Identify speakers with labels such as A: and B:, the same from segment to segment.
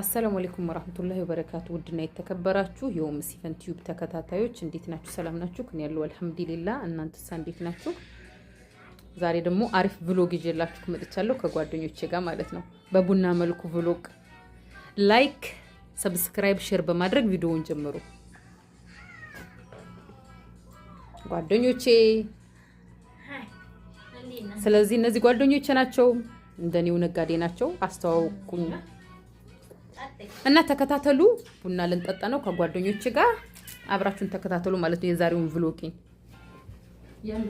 A: አሰላሙ አለይኩም ወራህመቱላሂ ወበረካቱ። ውድና የተከበራችሁ የኦም ሲፈን ቲዩብ ተከታታዮች እንዴት ናችሁ? ሰላም ናችሁ? ከኔ ያለው አልሐምዱሊላህ። እናንተሳ እንዴት ናችሁ? ዛሬ ደግሞ አሪፍ ብሎግ ይዤላችሁ መጥቻለሁ ከጓደኞቼ ጋር ማለት ነው። በቡና መልኩ ብሎግ። ላይክ፣ ሰብስክራይብ፣ ሼር በማድረግ ቪዲዮውን ጀምሩ ጓደኞቼ። ስለዚህ እነዚህ ጓደኞቼ ናቸው፣ እንደኔው ነጋዴ ናቸው። አስተዋውቁኝ እና ተከታተሉ። ቡና ልንጠጣ ነው ከጓደኞች ጋር አብራችሁን ተከታተሉ ማለት ነው የዛሬውን ቭሎጊን። ደግሞ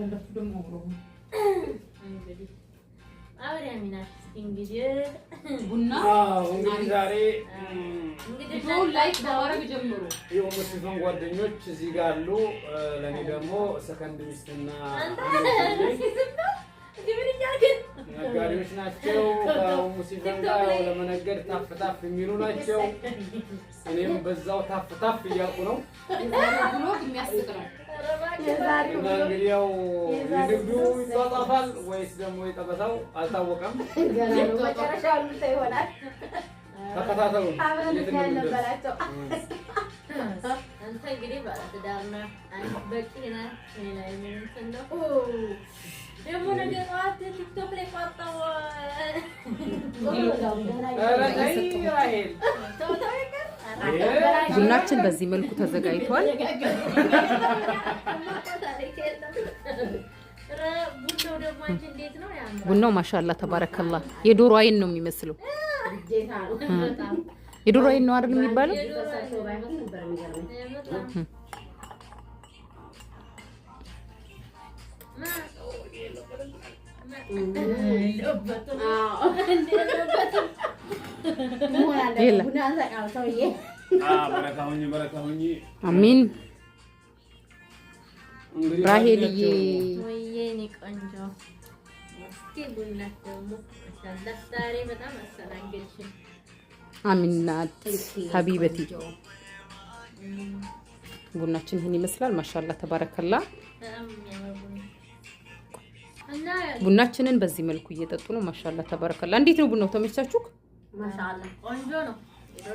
B: ጓደኞች እዚህ ጋር አሉ። ለእኔ ደግሞ ሰከንድ ሚስትና ነጋዴዎች ናቸው። ሙሲፈን ለመነገድ ታፍ ታፍ የሚሉ ናቸው። እኔም በዛው ታፍ ታፍ እያልኩ ነው። እና እንግዲህ ያው የንግዱ ይጧጧፋል ወይስ ደግሞ የጠበታው አልታወቀም። ተከታተሉ።
C: አንተ እንግዲህ ባለትዳር ነህ፣ በቂ ነህ። ደግሞ ነገ ጠዋት ቲክቶክ
A: ቡናችን በዚህ መልኩ ተዘጋጅቷል። ቡናው ማሻላ ተባረከላ የዶሮ አይን ነው የሚመስለው። የዶሮ አይን ነው አይደል የሚባለው? አሚን። ራሄልዬ አሚናት ሀቢበቲ ቡናችን ይህን ይመስላል። ማሻላ ተባረከላ። um, ቡናችንን በዚህ መልኩ እየጠጡ ነው። ማሻላ ተባረከላ። እንዴት ነው ቡናው? ተመቻችሁ?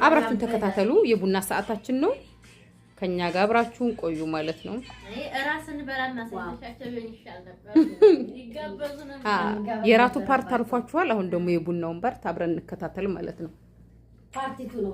A: አብራችሁን ተከታተሉ። የቡና ሰዓታችን ነው። ከኛ ጋር አብራችሁን ቆዩ ማለት ነው። የራቱ ፓርት አልፏችኋል። አሁን ደግሞ የቡናውን ፓርት አብረን እንከታተል ማለት ነው።
C: ፓርቲቱ ነው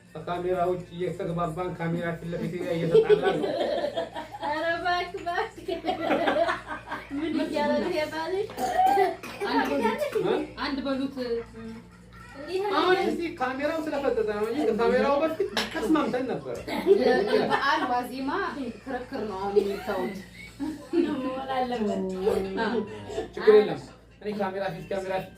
B: ከካሜራ ውጭ እየተግባባን ካሜራ ፊት ለፊት እየተጣላ ነው።
C: ኧረ እባክህ እባክህ፣ ምን እያደረግህ
D: አንድ በሉት።
B: አሁን እዚህ ካሜራው ስለፈጠጠ ነው እንጂ በፊት ተስማምተን ነበር።
D: በዓል ዋዜማ ክርክር ነው አሁን
B: ችግር የለም እኔ ካሜራ ፊት ካሜራ ፊት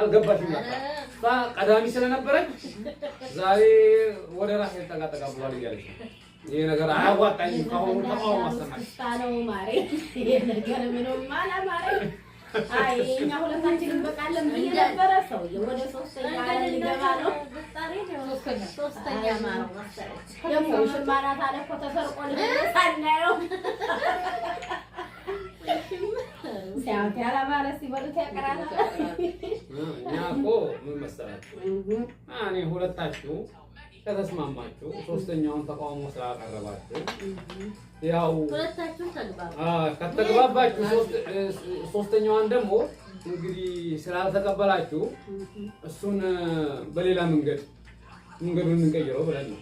B: አልገባሽም ነበር ቀዳሚ ስለነበረች ዛሬ ወደ ራስ ጠጋ ጠጋ ብሏል እያለች ይሄ ነገር አያዋጣኝ ካሁኑ ተቃውሞ አሰማሽ
C: ነው ማሬ ይሄ ነገር ምንም አላማሬ አይ እኛ ሁለታችንም በቃለን ብዬ ነበረ ሰው ወደ ሶስተኛ ሊገባ ነው ሶስተኛ ማለት ደግሞ ውሽማ ናት አለ እኮ ተሰርቆ ልናየው ሲያወት ያላማረ ሲበሉት ያቀራል
B: እኛ እኮ ምን መሰላችሁ፣ እኔ ሁለታችሁ ከተስማማችሁ ሶስተኛውን ተቃውሞ ስላቀረባችሁ ያው ከተግባባችሁ፣ ሶስተኛዋን ደግሞ እንግዲህ ስላልተቀበላችሁ እሱን በሌላ መንገድ መንገዱን እንቀይረው ብለን ነው።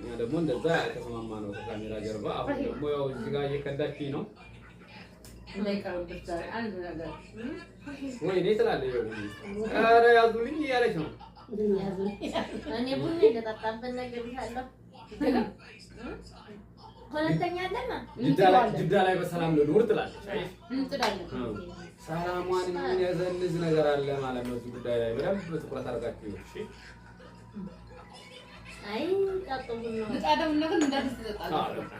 B: እኛ ደግሞ እንደዛ የተስማማ ነው ከካሜራ ጀርባ። አሁን ደግሞ ያው እዚህ ጋር እየከዳችኝ ነው ወይኔ ትላለች። ኧረ ያዙልኝ እያለች ነው።
C: እኔ ቡና የተጣጣበት ነገር አለው። ሁለተኛ አለና
B: ጅዳ ላይ በሰላም ልኑር ትላለች። ሰላሟን የሚያዘንዝ ነገር አለ ማለት ነው። እዚህ ጉዳይ ላይ በደንብ ትኩረት አድርጋችሁ እሺ።
C: አይ
D: ምጣደውና ግን እንዳዲስ ትጠጣለህ።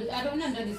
D: ምጣደውና እንዳዲስ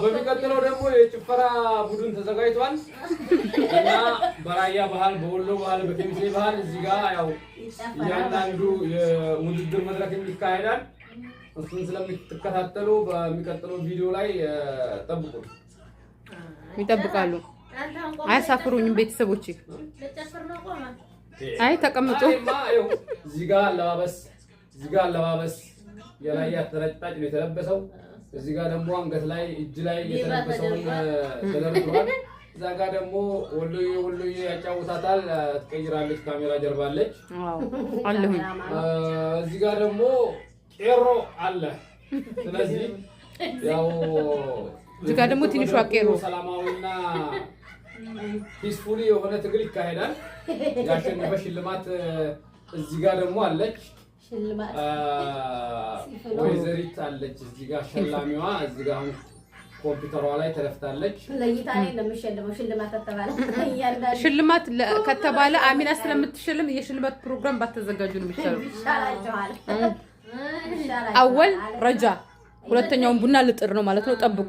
B: በሚቀጥለው ደግሞ የጭፈራ ቡድን ተዘጋጅቷል እና በራያ ባህል፣ በወሎ ባህል፣ በኬሚሴ ባህል እዚህ ጋር ያው እያንዳንዱ የውድድር መድረክ ይካሄዳል። እሱን ስለምትከታተሉ በሚቀጥለው ቪዲዮ ላይ ጠብቁ።
A: ይጠብቃሉ። አያሳፍሩኝም ቤተሰቦች አይ ተቀምጡ።
B: እዚህ ጋር አለባበስ እዚህ ጋር አለባበስ የራያ ተረጭጣጭ ነው የተለበሰው። እዚህ ጋር ደግሞ አንገት ላይ እጅ ላይ የተለበሰውን ተደርድሯል። እዛ ጋ ደግሞ ወሎዬ ወሎዬ ያጫውታታል። ትቀይራለች፣ ካሜራ ጀርባለች አለሁኝ። እዚህ ጋር ደግሞ ቄሮ አለ። ስለዚህ ያው
A: እዚህ ጋር ደግሞ ትንሿ ቄሮ
B: ሰላማዊና ፒስፉሊ የሆነ ትግል ይካሄዳል። ያሸነፈ ሽልማት እዚህ ጋር ደግሞ አለች። ወይዘሪት አለች እዚህ ጋር ሸላሚዋ እዚህ ጋር አሁን ኮምፒውተሯ ላይ ተለፍታለች።
A: ሽልማት ከተባለ አሚና ስለምትሸልም የሽልማት ፕሮግራም ባተዘጋጁ ነው የሚሻለው። አወል ረጃ ሁለተኛውን ቡና ልጥር ነው ማለት ነው። ጠብቁ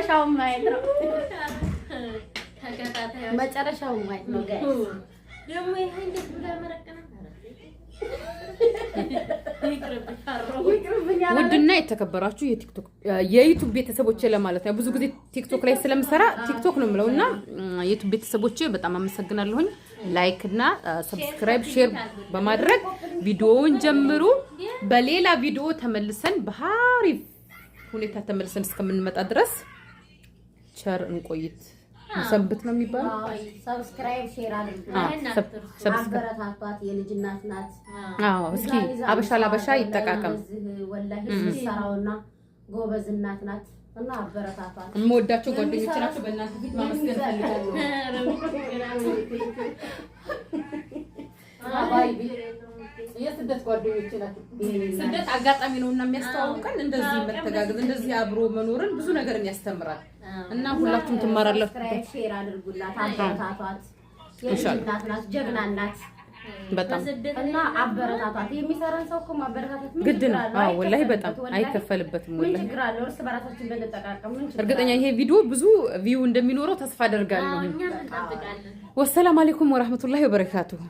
C: መጨረሻውን ማየት ነው። መጨረሻውን ማየት ነው።
A: ውድና የተከበራችሁ የዩቱብ ቤተሰቦች ለማለት ነው። ብዙ ጊዜ ቲክቶክ ላይ ስለምሰራ ቲክቶክ ነው የምለው እና የዩቱብ ቤተሰቦች በጣም አመሰግናለሁኝ። ላይክ እና ሰብስክራይብ፣ ሼር በማድረግ ቪዲዮውን ጀምሩ። በሌላ ቪዲዮ ተመልሰን በሀሪፍ ሁኔታ ተመልሰን እስከምንመጣ ድረስ ቸር እንቆይት ሰንብት ነው የሚባለው።
C: ሰብስክራይብ ሼር አድርጉ፣ አበረታቷት። ናት።
A: አዎ እስኪ አበሻ ላበሻ ይጠቃቀም።
C: ወላሂ ሰራውና ጎበዝ እናት ናት እና አበረታቷት።
D: የምወዳቸው ጓደኞች ናቸው። በእናት ፊት ማመስገን ፈልጋለሁ። የስደት ጓደኞች ናቸው። ስደት አጋጣሚ ነው እና የሚያስተዋውቀን እንደዚህ መተጋገዝ፣ እንደዚህ አብሮ መኖርን ብዙ ነገርን ያስተምራል። እና ሁላችሁም ትማራላችሁ።
C: ሼር አድርጉላት፣ አበረታቷት። የልጅናት ናት፣ ጀግና ናት በጣም እና አበረታቷት። የሚሰራን ሰው እኮ ማበረታታት
A: ግድ ነው። አዎ ወላሂ በጣም አይከፈልበትም።
C: ወላሂ ምን ችግር አለው? እርስ በራሳችን ብንጠቃቀም
A: ምን ችግር? እርግጠኛ ይሄ ቪዲዮ ብዙ ቪው እንደሚኖረው ተስፋ አደርጋለሁ። ወሰላም አለይኩም ወራህመቱላሂ ወበረካቱሁ